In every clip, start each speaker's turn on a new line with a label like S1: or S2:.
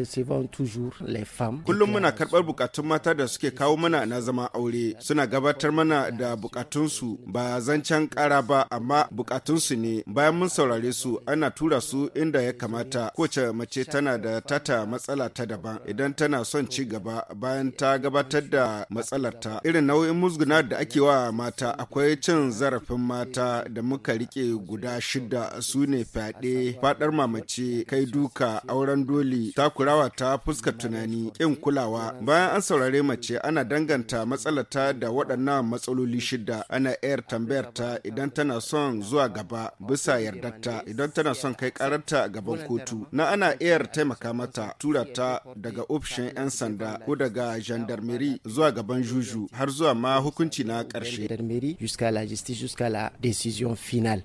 S1: recevons toujours les femmes. Kullum muna karɓar bukatun mata da suke kawo mana na zama aure suna gabatar mana da bukatunsu ba zancen ƙara ba amma bukatunsu ne bayan mun saurare su ana tura su inda ya kamata kowace mace tana da tata matsala ta daban idan tana son ci gaba bayan ta gabatar da matsalar ta irin nau'in musguna da ake wa mata akwai cin zarafin mata da muka rike guda shida su ne fyaɗe faɗar mamace kai duka auren doli takura rawa ta fuskar tunani ƙin kulawa bayan an saurare mace ana danganta matsalata da waɗannan matsaloli shida ana yar tambayar ta idan tana son zuwa gaba bisa yardarta idan tana son kai kararta a gaban kotu na ana yar taimaka mata tura ta daga ofishin 'yan sanda ko daga gendarmerie zuwa gaban juju har zuwa ma hukunci na ƙarshe.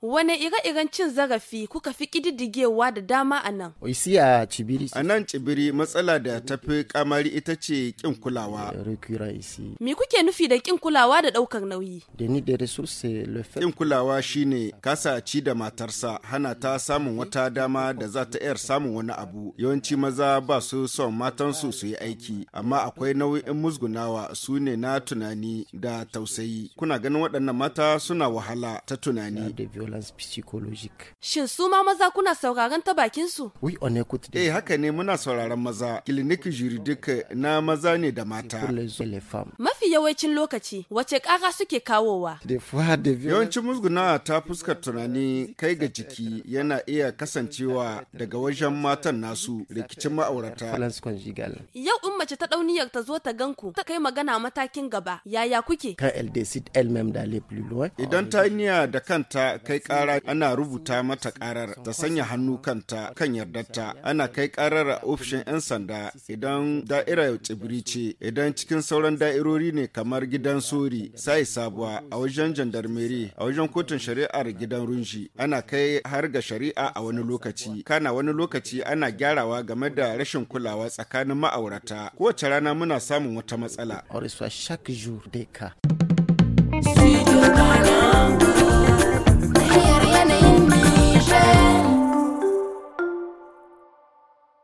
S2: wani ire-iren cin zarafi kuka fi ƙididdigewa da dama a nan?
S1: A nan cibiri wuri matsala da ta fi kamari ita ce kin kulawa.
S2: Me kuke nufi da kin kulawa da ɗaukar nauyi?
S1: Kin kulawa shine kasa ci da matarsa hana ta samun wata dama da za ta iya samun wani abu. Yawanci maza ba su son matansu su yi aiki, amma akwai nau'in musgunawa su ne na tunani da tausayi. Kuna ganin waɗannan mata suna wahala ta tunani.
S2: Shin su ma maza kuna sauraron ta bakinsu?
S1: Eh haka ne muna sauraron wuraren maza kilinik juridik na maza ne da mata
S2: mafi yawancin lokaci wace ƙara suke kawowa
S1: yawancin musguna ta fuskar tunani kai ga jiki yana iya kasancewa daga wajen matan nasu rikicin ma'aurata yau
S2: in mace ta ɗauniyar ta zo ta ganku ta kai magana matakin gaba yaya kuke
S1: idan ta niya da kanta kai kara ana rubuta mata karar ta sanya hannu kanta kan yardarta ana kai karar ƙarar ofishin ofishin 'yan sanda idan da'irar tsibiri ce idan cikin sauran da'irori ne kamar gidan sori sai sabuwa a wajen jandarmeri a wajen kotun shari'ar gidan runji ana kai har ga shari'a a wani lokaci kana wani lokaci ana gyarawa game da rashin kulawa tsakanin ma'aurata kowace rana muna samun wata matsala.
S2: Studio